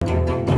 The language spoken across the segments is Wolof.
Thank you.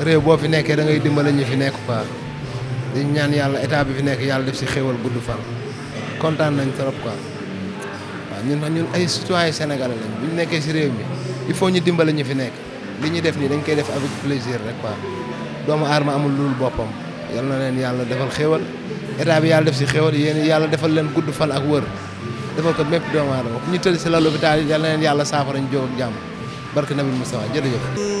réew boo fi nekkee dangay ngay dimbale ñi fi nekk quoi di ñaan yàlla état bi fi nekk yàlla def si xéwal gudd fan kontaan nañ trop quoi waaw ñun ñun ay citoyen sénégalais lañ bu ñu nekkee si réew mi il faut ñu dimbale ñu fi nekk li ñuy def nii dañ koy def avec plaisir rek quoi doomu aadama amul lul boppam yal na leen yàlla defal xéwal état bi yàlla def si xéwal yéen yàlla defal leen gudd fan ak wër defal ko mépp doomu aadama ku ñu tëdd si lal hôpital yi yal na leen yàlla saafara ñu jóg ak jàmm barke nabi Mustafa jërëjëf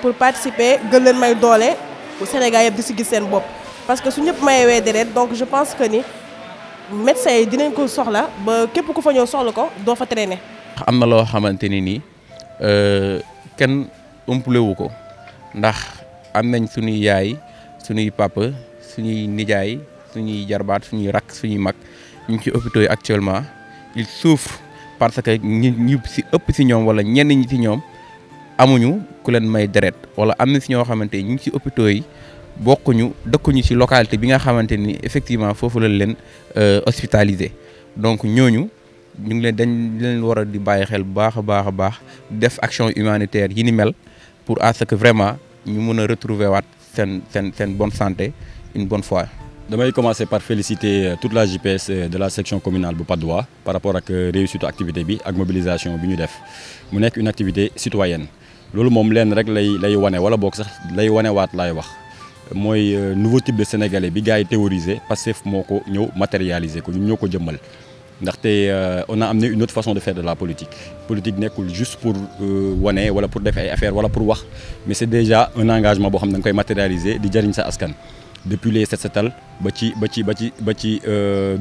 pour participer gën leen may doole bu Sénégal yëpp di si gis seen parce que su ñëpp mayewee deret donc je pense que ni médecins yi dinañ ko soxla ba képp ku fa ñëw soxla ko doo fa traîner. am na loo xamante ni nii euh, kenn umplewu ko ndax am nañ suñuy yaay suñuy papa suñuy nijaay suñu jarbaat suñu rak suñu mak ñu ci hôpitaux actuellement ils souffrent parce que ñu ci ëpp ci ñom wala ñenn ñi ci ñom amuñu ku leen may deret wala am na si ñoo xamante ñu ngi ci hôpitaux yi bokkuñu dëkkuñu ci localité bi nga xamante ni effectivement foofu lañ leen euh, hospitalisé donc ñooñu ñu ngi leen dañ leen war a di bàyyi xel bu baax a baax a baax def action humanitaire yi ni mel pour à ce que vraiment ñu mën a retrouver waat seen seen seen bonne santé une bonne foi. damay commencer par féliciter euh, toute la JPS euh, de la section communale bu Patte par rapport ak réussite activité bi ak mobilisation bi ñu def mu nekk une activité citoyenne loolu mom len rek lay lay wane wala bok sax lay wat lay wax moy euh, nouveau type de sénégalais bi gaay théoriser théorisé Pastef moo ko matérialiser ko ñun ñoko jëmmal ndax té euh, on a amené une autre façon de faire de la politique politique nekul juste pour euh, wane wala pour def ay affaire wala pour wax mais c'est déjà un engagement bo xam ne koy matérialiser di jëriñ sa askan depuis les set setal ba ci ba ci ba ci ba ci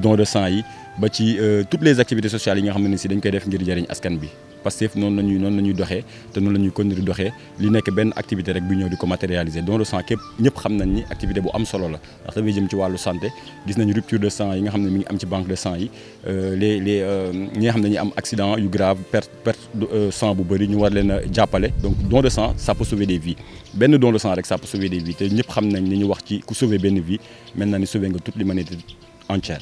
don de sang yi ba ci euh, toutes les activités sociales yi nga xamné ne dañ koy def ngir jariñ askan bi parce que non lañuy non lañuy doxé té non lañuy la ñuy continuer di li nek ben activité rek bu ñëw diko matérialiser don le sang képp ñëpp xam nañ ni activité bu am solo la ndax dafay jëm ci walu santé gis nañ rupture de sang yi nga xamné mi ngi am ci banque de sang yi euh les les euh, ñi nga xam ne am accident yu grave perte perte de euh, sang bu bari ñu war leen jappalé donc don de sang ça peut sauver des vies benn don de sang rek ça peut sauver des vies té ñëpp xam nañ ni ñu wax ci ku sauver benn vie mel na ni sauver nga toute l'humanité entière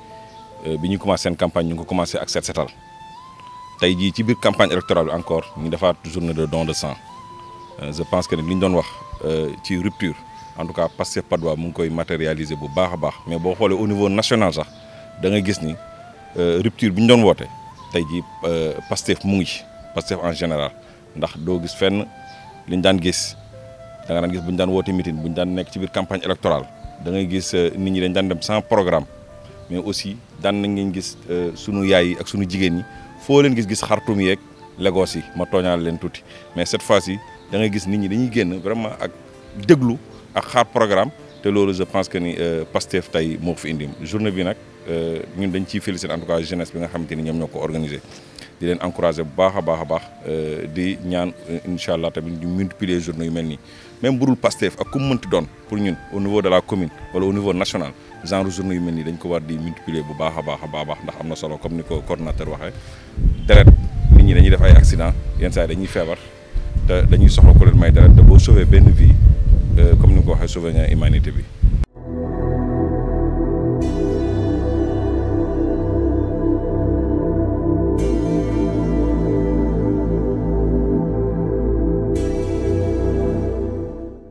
Euh, biñu commencé une campagne ñu ko commencé ak set setal tay ji ci biir campagne électorale encore ñu defaat journée de don de sang euh, je pense que liñ li ñu doon wax euh, ci rupture en tout cas Pastef Patte d'Oie mu ngi koy matérialiser bu baax baax mais bo xolé au niveau national sax da nga gis ni rupture bi ñu doon woote tey jii Pastef mu ngi Pastef en général ndax do gis fenn liñ daan gis da nga daan gis buñ daan woté meeting buñ daan nekk ci biir campagne électorale da ngay gis nit ñi dañ daan dem sans programme mais aussi daan na ngeen gis euh, sunu yaay yi ak sunu jigéen ñi foo leen gis-gis xartum yeeg Lagos yi ma tooñaal leen tuuti mais cette fois si da ngay gis nit ñi dañuy génn vraiment ak déglu ak xaar programme te loolu je pense que ni euh, Pastef tey moo fi indi journée bi nag euh, ñun dañ ciy féliciter en tout cas jeunesse bi nga xam xamante ni ñoom ñoo ko organisé. di leen encouragé bu baax a baax a baax euh, di ñaan euh, incha allah tamit ñu multiplier journée yu mel nii même burul Pastef ak ku mu doon pour ñun au niveau de la commune wala au niveau national genre journée yu mel nii dañ ko war di bu baax a baax a baax ndax am na solo comme ni ko coordonnateur waxee deret nit ñi dañuy def ay accident yenn saa yi dañuy feebar dañuy soxla ku leen may deret te boo benn vie euh, comme ni ko waxee sauver nga humanité bi